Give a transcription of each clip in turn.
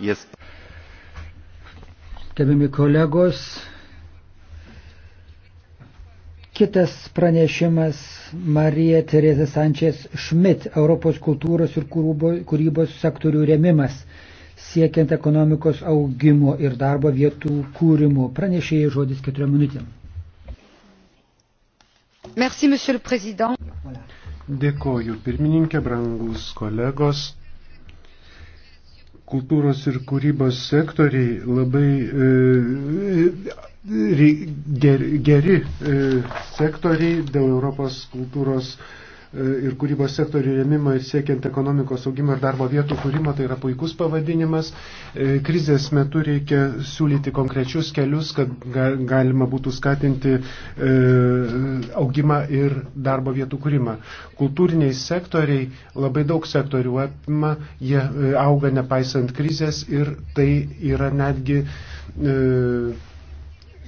jest. Gerbiami kolegos, kitas pranešimas Marija Teresa Sančias Šmit, Europos kultūros ir kūrybos sektorių remimas, siekiant ekonomikos augimo ir darbo vietų kūrimo. Pranešėjai žodis keturiom minutėm. Merci, Dėkoju, pirmininkė, brangus kolegos kultūros ir kūrybos sektoriai labai e, e geri, geri e, sektoriai dėl Europos kultūros E, ir kūrybos sektorių rėmimą ir siekiant ekonomikos augimą ir darbo vietų kūrimą, tai yra puikus pavadinimas. E, krizės metu reikia siūlyti konkrečius kelius, kad galima būtų skatinti e, augimą ir darbo vietų kūrimą. Kultūriniai sektoriai labai daug sektorių apima, jie auga nepaisant krizės ir tai yra netgi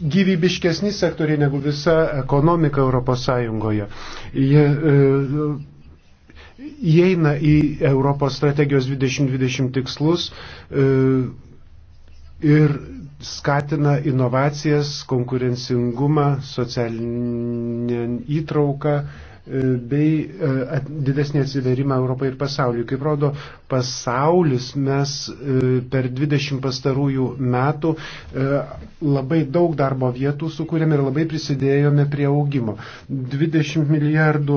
gyvybiškesni sektoriai negu visa ekonomika Europos Sąjungoje. Jie e, įeina į Europos strategijos 2020 tikslus e, ir skatina inovacijas, konkurencingumą, socialinę įtrauką, E, bei e, didesnį atsiverimą Europai ir pasauliui. Kaip rodo pasaulis, mes e, per 20 pastarųjų metų labai daug darbo vietų sukūrėme ir labai prisidėjome prie augimo. 20 milijardų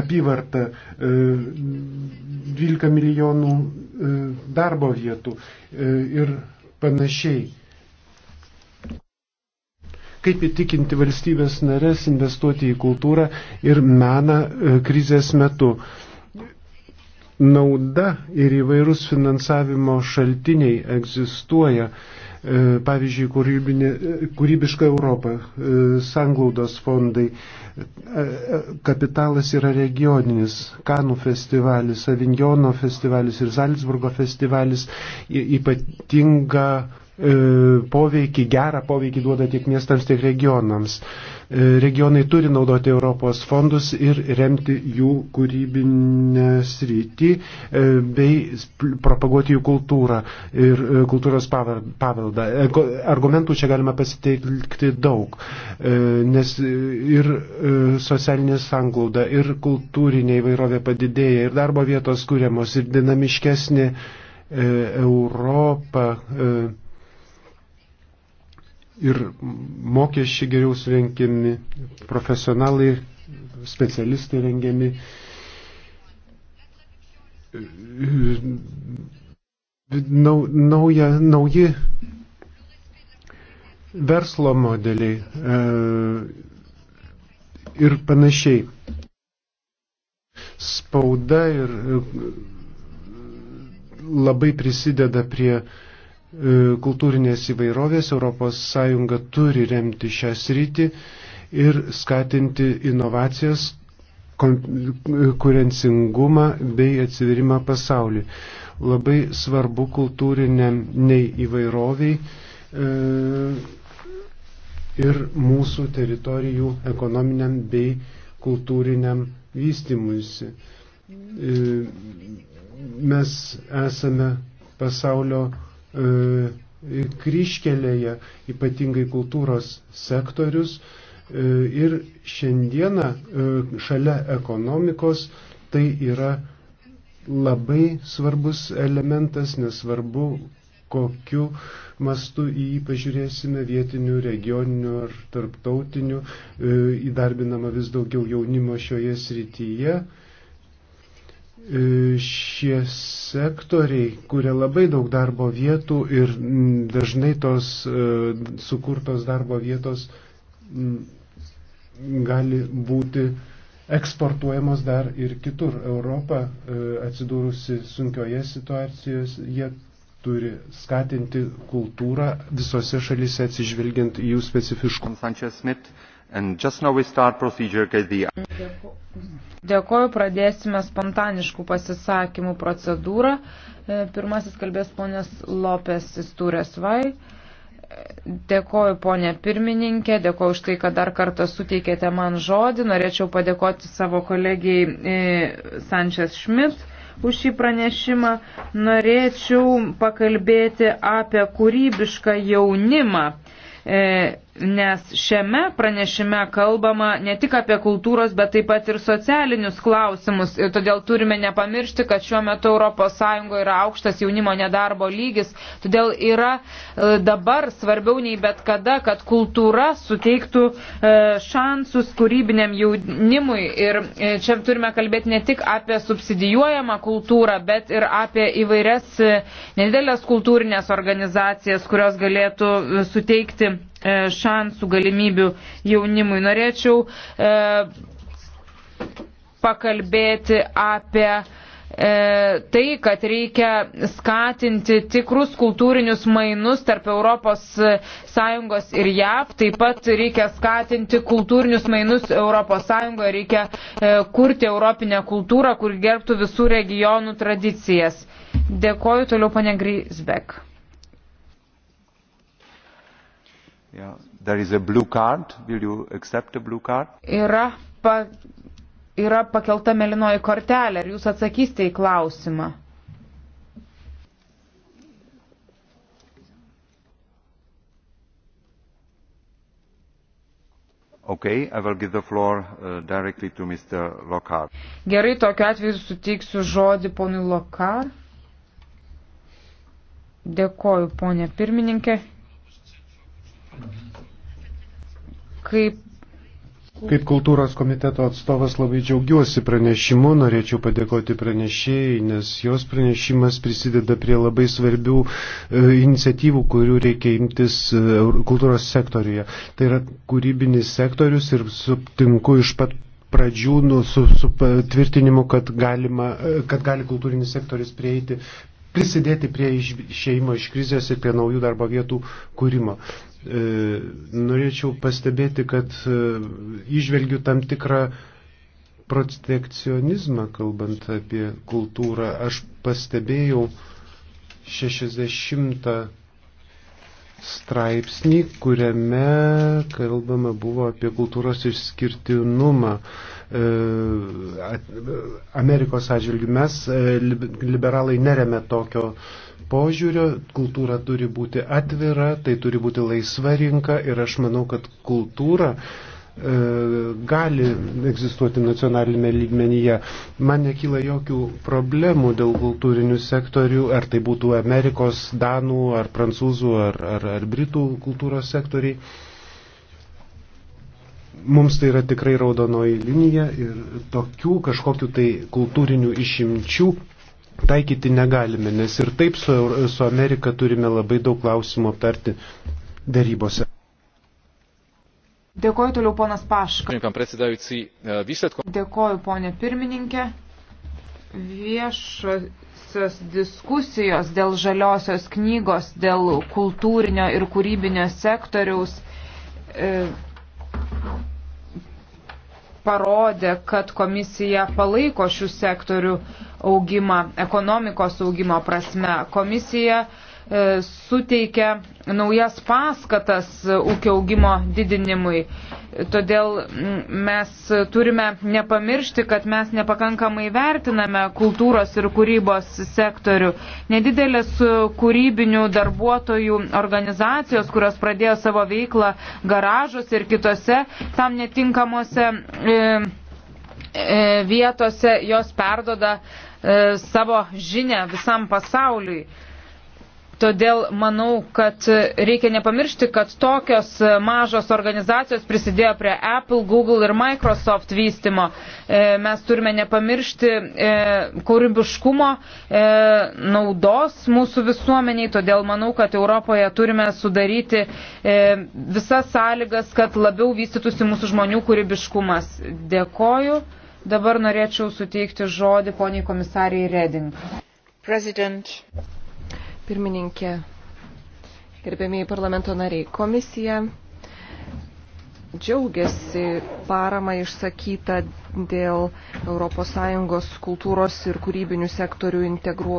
apyvarta, 12 milijonų darbo vietų ir panašiai kaip įtikinti valstybės narės investuoti į kultūrą ir meną e, krizės metu. Nauda ir įvairūs finansavimo šaltiniai egzistuoja e, pavyzdžiui, kūrybinė, e, kūrybiška Europa, sanglaudos fondai, kapitalas yra regioninis, Kanų festivalis, Avignono festivalis ir Zalzburgo festivalis, ypatinga E, poveikį, gerą poveikį duoda tiek miestams, tiek regionams. E, regionai turi naudoti Europos fondus ir remti jų kūrybinę sritį e, bei propaguoti jų kultūrą ir kultūros paveldą. Argumentų čia galima pasiteikti daug, nes ir socialinė sanglauda, ir kultūrinė įvairovė padidėja, ir darbo vietos kūriamos, ir dinamiškesnė Europa ir mokesčiai geriau surenkiami, profesionalai, specialistai rengiami. Nau, nauja, nauji verslo modeliai e, ir panašiai. Spauda ir e, labai prisideda prie e, E, kultūrinės įvairovės, ES turi remti šią sritį ir skatinti inovacijas, e, konkurencingumą bei atsivirimą pasaulį. Labai svarbu kultūriniam nei įvairoviai e, ir mūsų teritorijų ekonominiam bei kultūriniam vystimuisi. Mes esame pasaulio E, kryškelėje, ypatingai kultūros sektorius. E, ir šiandieną e, šalia ekonomikos tai yra labai svarbus elementas, nesvarbu, kokiu mastu į jį pažiūrėsime vietiniu, regioniniu ar tarptautiniu, įdarbinama vis daugiau jaunimo šioje srityje šie sektoriai kuria labai daug darbo vietų ir mm, dažnai tos e, sukurtos darbo vietos mm, gali būti eksportuojamos dar ir kitur. Europa e, atsidūrusi sunkioje situacijoje turi skatinti kultūrą visose šalise atsižvelgiant į jų specifiškumą. Dėkoju, pradėsime spontaniškų pasisakymų procedūrą. E, pirmasis kalbės ponės Lopės Istūrės Vai. E, dėkoju, ponė pirmininkė, dėkoju už tai, kad dar kartą suteikėte man žodį. Norėčiau padėkoti savo kolegijai e, Sančias Šmit už šį pranešimą. Norėčiau pakalbėti apie kūrybišką jaunimą nes šiame pranešime kalbama ne tik apie kultūros, bet taip pat ir socialinius klausimus. Ir todėl turime nepamiršti, kad šiuo metu ES yra aukštas jaunimo nedarbo lygis. Todėl yra e, dabar svarbiau nei bet kada, kad kultūra suteiktų e, šansus kūrybiniam jaunimui. Ir e, čia turime kalbėti ne tik apie subsidijuojamą kultūrą, bet ir apie įvairias nedidelės kultūrinės organizacijas, kurios galėtų suteikti E, šansų, galimybių jaunimui. Norėčiau e, pakalbėti apie e, tai, kad reikia skatinti tikrus kultūrinius mainus tarp ES ir JAV, taip pat reikia skatinti kultūrinius mainus ES, reikia kurti europinę kultūrą, kur gerbtų visų regionų tradicijas. Dėkoju toliau, pane Grisbek. Yeah. There is a blue card. Will you accept a blue card? Yra, pa, yra pakelta melinoji kortelė. Ar jūs atsakysite į klausimą? Okay, I will give the floor uh, directly to Mr. Lockhart. Gerai, tokiu atveju suteiksiu žodį ponui Lockhart. Dėkoju, ponė pirmininkė. kaip Kaip kultūros komiteto atstovas labai džiaugiuosi pranešimu, norėčiau padėkoti pranešėjai, nes jos pranešimas prisideda prie labai svarbių e, iniciatyvų, kurių reikia imtis e, kultūros sektoriuje. Tai yra kūrybinis sektorius ir sutinku iš pat pradžių nu, su, su tvirtinimu, kad, galima, e, kad gali kultūrinis sektorius prieiti prisidėti prie išėjimo iš krizės ir prie naujų darbo vietų kūrimo. E, norėčiau pastebėti, kad išvelgiu e, tam tikrą protekcionizmą, kalbant apie kultūrą. Aš pastebėjau 60 straipsnį, kuriame kalbama buvo apie kultūros išskirtinumą e, Amerikos atžvilgių. Mes, e, liberalai, neremė tokio požiūrio, kultūra turi būti atvira, tai turi būti laisva rinka ir aš manau, kad kultūra uh, E, gali egzistuoti nacionalinėme lygmenyje. Man nekyla jokių problemų dėl kultūrinių sektorių, ar tai būtų Amerikos, Danų, ar Prancūzų, ar, ar, ar Britų kultūros sektoriai. Mums tai yra tikrai raudonoji linija ir tokių kažkokių tai kultūrinių išimčių taikyti negalime, nes ir taip su, su Amerika turime labai daug klausimų aptarti darybose. Dėkoju toliau ponas Paška. E, Dėkoju ponė pirmininkė. Viešosios diskusijos dėl žaliosios knygos, dėl kultūrinio ir kūrybinio sektoriaus e, parodė, kad komisija palaiko šių sektorių augimą, ekonomikos augimo prasme. Komisija e, E, suteikia naujas paskatas ūkio augimo didinimui. Todėl mes turime nepamiršti, kad mes nepakankamai vertiname kultūros ir kūrybos sektorių. Nedidelės kūrybinių darbuotojų organizacijos, kurios pradėjo savo veiklą garažuose ir kitose tam netinkamuose e, e, vietose, jos perdoda e, savo žinę visam pasauliui. E, Todėl manau, kad reikia nepamiršti, kad tokios mažos organizacijos prisidėjo prie Apple, Google ir Microsoft vystimo. E, mes turime nepamiršti e, kūrybiškumo e, naudos mūsų visuomeniai, todėl manau, kad Europoje turime sudaryti visas sąlygas, kad labiau vystytųsi mūsų žmonių kūrybiškumas. Dėkoju. Dabar norėčiau suteikti žodį poniai komisarijai Reding. President pirmininkė, gerbėmiai parlamento nariai, komisija džiaugiasi parama išsakyta dėl ES kultūros ir kūrybinių sektorių integru,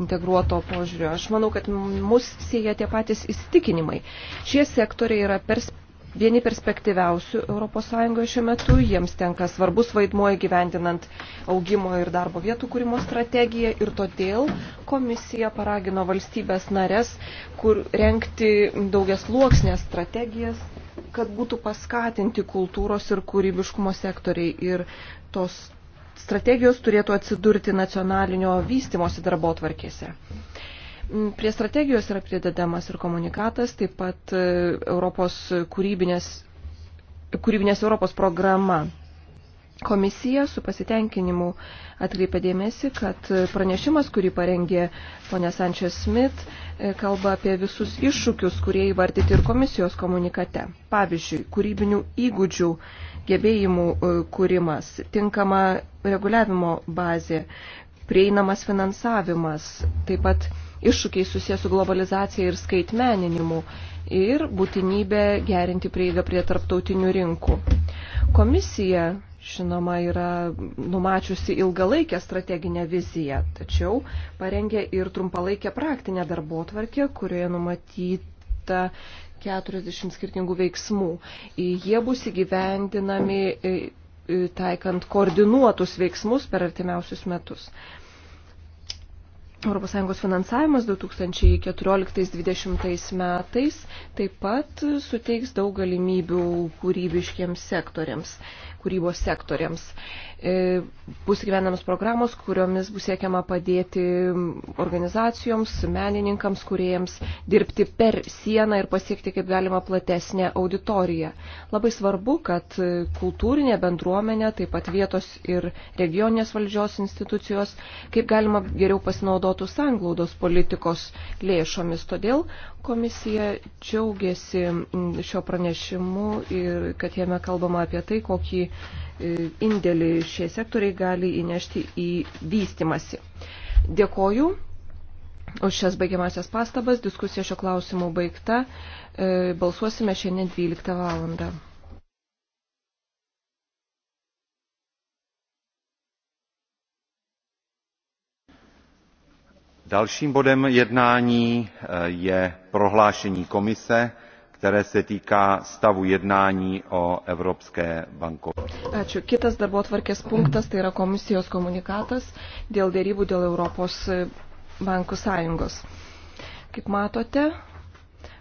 integruoto požiūrio. Aš manau, kad mus sieja tie patys įsitikinimai. Šie sektoriai yra perspektyvų vieni perspektyviausių ES šiuo metu, jiems tenka svarbus vaidmuo įgyvendinant augimo ir darbo vietų kūrimo strategiją ir todėl komisija paragino valstybės narės, kur renkti daugias luoksnės strategijas, kad būtų paskatinti kultūros ir kūrybiškumo sektoriai ir tos strategijos turėtų atsidurti nacionalinio vystimosi darbo tvarkėse. Mm, prie strategijos yra pridedamas ir komunikatas, taip pat e, Europos kūrybinės, kūrybinės Europos programa. Komisija su pasitenkinimu atkreipė dėmesį, kad pranešimas, kurį parengė ponė Sančias Smith, e, kalba apie visus iššūkius, kurie įvardyti ir komisijos komunikate. Pavyzdžiui, kūrybinių įgūdžių gebėjimų e, kūrimas, tinkama reguliavimo bazė, prieinamas finansavimas, taip pat iššūkiai susijęs su globalizacija ir skaitmeninimu ir būtinybė gerinti prieigą prie tarptautinių rinkų. Komisija, žinoma, yra numačiusi ilgalaikę strateginę viziją, tačiau parengė ir trumpalaikę praktinę darbo tvarkę, kurioje numatyta 40 skirtingų veiksmų. Jie bus įgyvendinami e, e, taikant koordinuotus veiksmus per artimiausius metus. ES finansavimas 2014-2020 metais taip pat suteiks daug galimybių kūrybiškiams sektoriams, kūrybos sektoriams. E, bus gyvenamas programos, kuriomis bus siekiama padėti organizacijoms, menininkams, kuriejams dirbti per sieną ir pasiekti kaip galima platesnę auditoriją. Labai svarbu, kad kultūrinė bendruomenė, taip pat vietos ir regioninės valdžios institucijos, kaip galima geriau pasinaudoti panaudotų sanglaudos politikos lėšomis. Todėl komisija džiaugiasi šio pranešimu ir kad jame kalbama apie tai, kokį e, indėlį šie sektoriai gali įnešti į vystimasi. Dėkoju. Už šias baigiamasias pastabas diskusija šio klausimu baigta. E, balsuosime šiandien 12 valandą. dalším bodem jednání e, je prohlášení komise které se týká stavu jednání o Evropské bankovė. Ačiū. Kitas darbo tvarkės punktas tai yra komisijos komunikatas dėl dėrybų dėl Europos bankų sąjungos. Kaip matote,